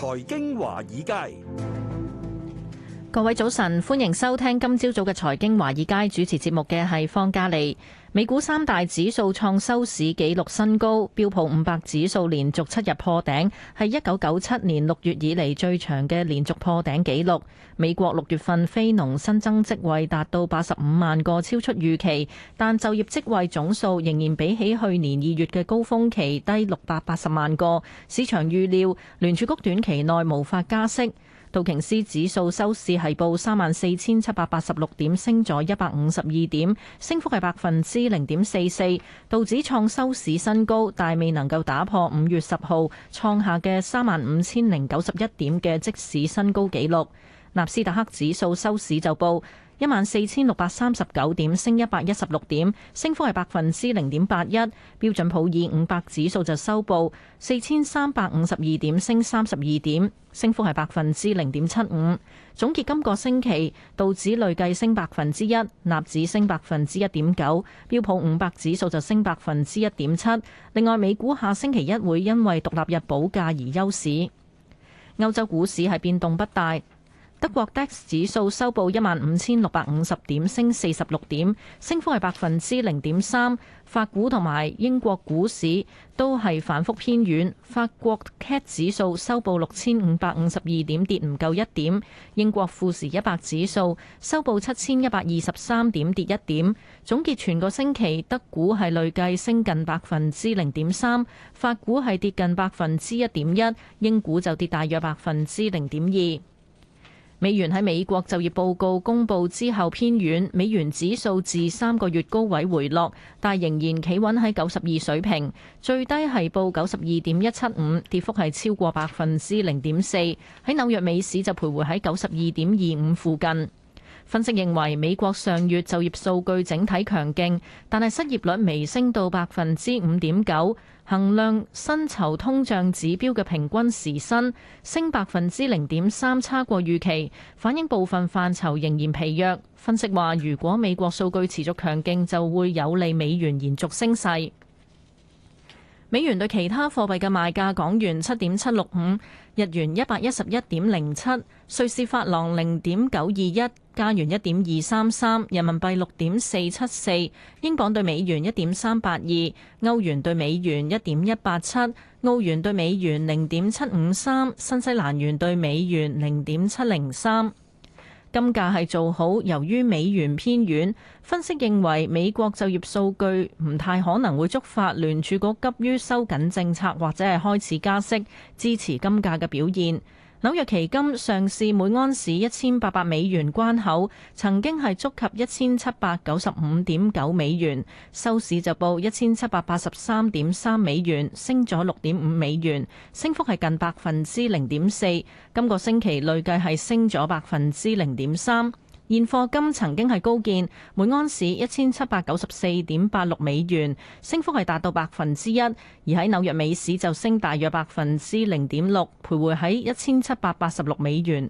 財經華爾街。各位早晨，歡迎收聽今朝早嘅財經華爾街，主持節目嘅係方嘉莉。美股三大指數創收市紀錄新高，標普五百指數連續七日破頂，係一九九七年六月以嚟最長嘅連續破頂紀錄。美國六月份非農新增職位達到八十五萬個，超出預期，但就業職位總數仍然比起去年二月嘅高峰期低六百八十萬個。市場預料聯儲局短期內無法加息。道瓊斯指數收市係報三萬四千七百八十六點，升咗一百五十二點，升幅係百分之零點四四。道指創收市新高，但未能夠打破五月十號創下嘅三萬五千零九十一點嘅即市新高紀錄，納斯達克指數收市就報，一萬四千六百三十九點升一百一十六點，升幅係百分之零點八一。標準普爾五百指數就收報四千三百五十二點，升三十二點，升幅係百分之零點七五。總結今個星期道指累計升百分之一，納指升百分之一點九，標普五百指數就升百分之一點七。另外，美股下星期一會因為獨立日補假而休市。歐洲股市係變動不大。德國 DAX 指數收報一萬五千六百五十點，升四十六點，升幅係百分之零點三。法股同埋英國股市都係反覆偏軟。法國 CAC 指數收報六千五百五十二點，跌唔夠一點。英國富時一百指數收報七千一百二十三點，跌一點。總結全個星期，德股係累計升近百分之零點三，法股係跌近百分之一點一，英股就跌大約百分之零點二。美元喺美國就業報告公布之後偏軟，美元指數自三個月高位回落，但仍然企穩喺九十二水平，最低係報九十二點一七五，跌幅係超過百分之零點四。喺紐約美市就徘徊喺九十二點二五附近。分析認為，美國上月就業數據整體強勁，但係失業率微升到百分之五點九，衡量薪酬通脹指標嘅平均時薪升百分之零點三，差過預期，反映部分範疇仍然疲弱。分析話，如果美國數據持續強勁，就會有利美元延續升勢。美元對其他貨幣嘅賣價：港元七點七六五，日元一百一十一點零七，瑞士法郎零點九二一，加元一點二三三，人民幣六點四七四，英鎊對美元一點三八二，歐元對美元一點一八七，澳元對美元零點七五三，新西蘭元對美元零點七零三。金價係做好，由於美元偏軟，分析認為美國就業數據唔太可能會觸發聯儲局急於收緊政策或者係開始加息，支持金價嘅表現。紐約期金上市每安士一千八百美元關口，曾經係觸及一千七百九十五點九美元，收市就報一千七百八十三點三美元，升咗六點五美元，升幅係近百分之零點四，今個星期累計係升咗百分之零點三。現貨金曾經係高見，每安士一千七百九十四點八六美元，升幅係達到百分之一。而喺紐約美市就升大約百分之零點六，徘徊喺一千七百八十六美元。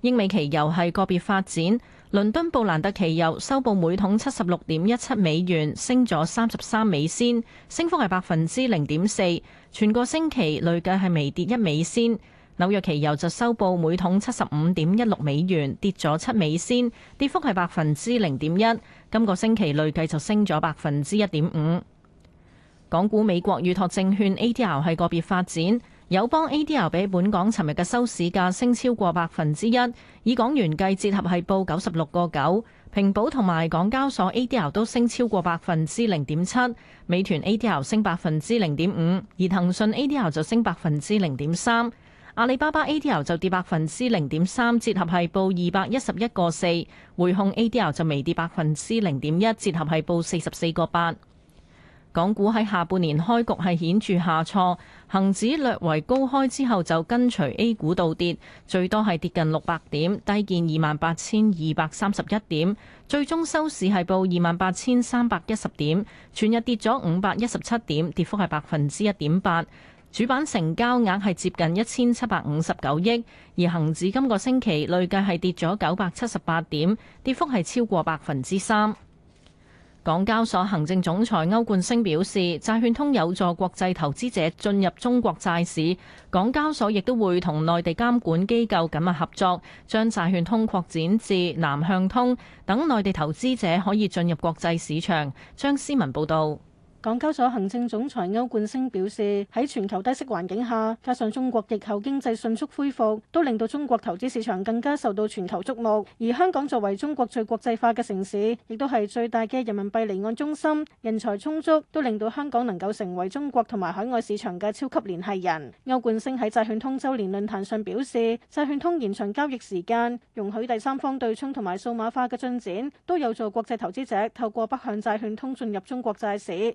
英美期油係個別發展，倫敦布蘭特期油收報每桶七十六點一七美元，升咗三十三美仙，升幅係百分之零點四，全個星期累計係微跌一美仙。紐約期油就收報每桶七十五點一六美元，跌咗七美仙，跌幅係百分之零點一。今個星期累計就升咗百分之一點五。港股美國預託證券 A D R 係個別發展，友邦 A D R 比本港尋日嘅收市價升超過百分之一，以港元計，折合係報九十六個九。平保同埋港交所 A D R 都升超過百分之零點七，美團 A D R 升百分之零點五，而騰訊 A D R 就升百分之零點三。阿里巴巴 ADR 就跌百分之零點三，折合係報二百一十一個四；匯控 ADR 就微跌百分之零點一，折合係報四十四個八。港股喺下半年開局係顯著下挫，恒指略為高開之後就跟隨 A 股倒跌，最多係跌近六百點，低見二萬八千二百三十一點，最終收市係報二萬八千三百一十點，全日跌咗五百一十七點，跌幅係百分之一點八。主板成交額係接近一千七百五十九億，而恒指今個星期累計係跌咗九百七十八點，跌幅係超過百分之三。港交所行政總裁歐冠升表示，債券通有助國際投資者進入中國債市，港交所亦都會同內地監管機構緊密合作，將債券通擴展至南向通，等內地投資者可以進入國際市場。張思文報導。港交所行政總裁歐冠升表示，喺全球低息環境下，加上中國疫後經濟迅速恢復，都令到中國投資市場更加受到全球矚目。而香港作為中國最國際化嘅城市，亦都係最大嘅人民幣離岸中心，人才充足，都令到香港能夠成為中國同埋海外市場嘅超級聯繫人。歐冠升喺債券通周年論壇上表示，債券通延長交易時間，容許第三方對沖同埋數碼化嘅進展，都有助國際投資者透過北向債券通進入中國債市。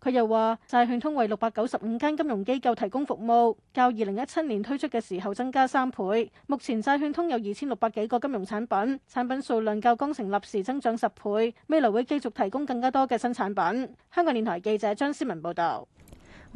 佢又話：債券通為六百九十五間金融機構提供服務，較二零一七年推出嘅時候增加三倍。目前債券通有二千六百幾個金融產品，產品數量較剛成立時增長十倍，未來會繼續提供更加多嘅新產品。香港電台記者張思文報道。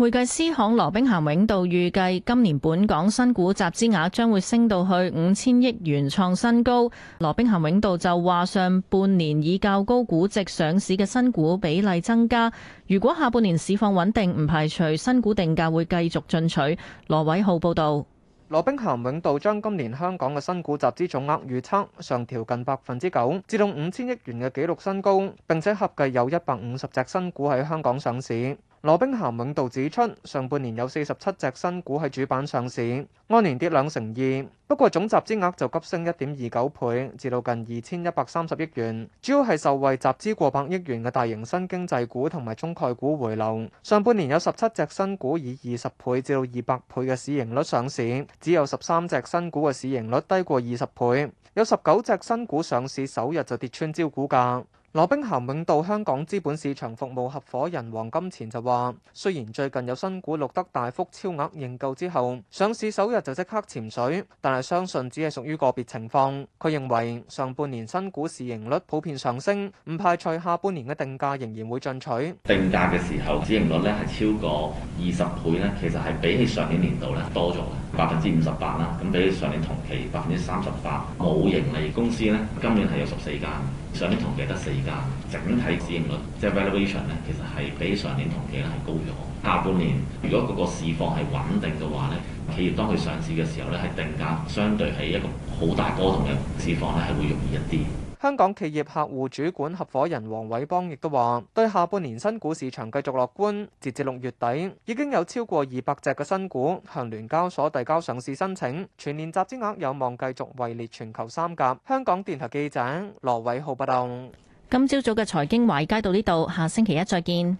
會計師行羅兵咸永道預計今年本港新股集資額將會升到去五千億元創新高。羅兵咸永道就話，上半年以較高估值上市嘅新股比例增加，如果下半年市況穩定，唔排除新股定價會繼續進取。羅偉浩報道。羅兵咸永道將今年香港嘅新股集資總額預測上調近百分之九，至到五千億元嘅紀錄新高，並且合計有一百五十隻新股喺香港上市。羅兵咸永道指出，上半年有四十七隻新股喺主板上市，按年跌兩成二。不過總集資額就急升一點二九倍，至到近二千一百三十億元。主要係受惠集資過百億元嘅大型新經濟股同埋中概股回流。上半年有十七隻新股以二十倍至到二百倍嘅市盈率上市，只有十三隻新股嘅市盈率低過二十倍。有十九隻新股上市首日就跌穿招股價。羅兵咸永道香港資本市場服務合夥人黃金錢就話，雖然最近有新股錄得大幅超額認購之後，上市首日就即刻潛水，但係相信只係屬於個別情況。佢認為上半年新股市盈率普遍上升，唔排除下半年嘅定價仍然會進取。定價嘅時候，市盈率呢係超過二十倍，呢其實係比起上年年度呢多咗。百分之五十八啦，咁比上年同期百分之三十八。冇盈利公司呢今年係有十四間，上年同期得四間，整體市盈率即係 valuation 呢，其實係比上年同期咧係高咗。下半年如果嗰個市況係穩定嘅話呢，企業當佢上市嘅時候呢，係定價相對係一個好大波動嘅市況呢，係會容易一啲。香港企業客戶主管合夥人黃偉邦亦都話，對下半年新股市場繼續樂觀。截至六月底，已經有超過二百隻嘅新股向聯交所遞交上市申請，全年集資額有望繼續位列全球三甲。香港電台記者羅偉浩報道。今朝早嘅財經華爾街到呢度，下星期一再見。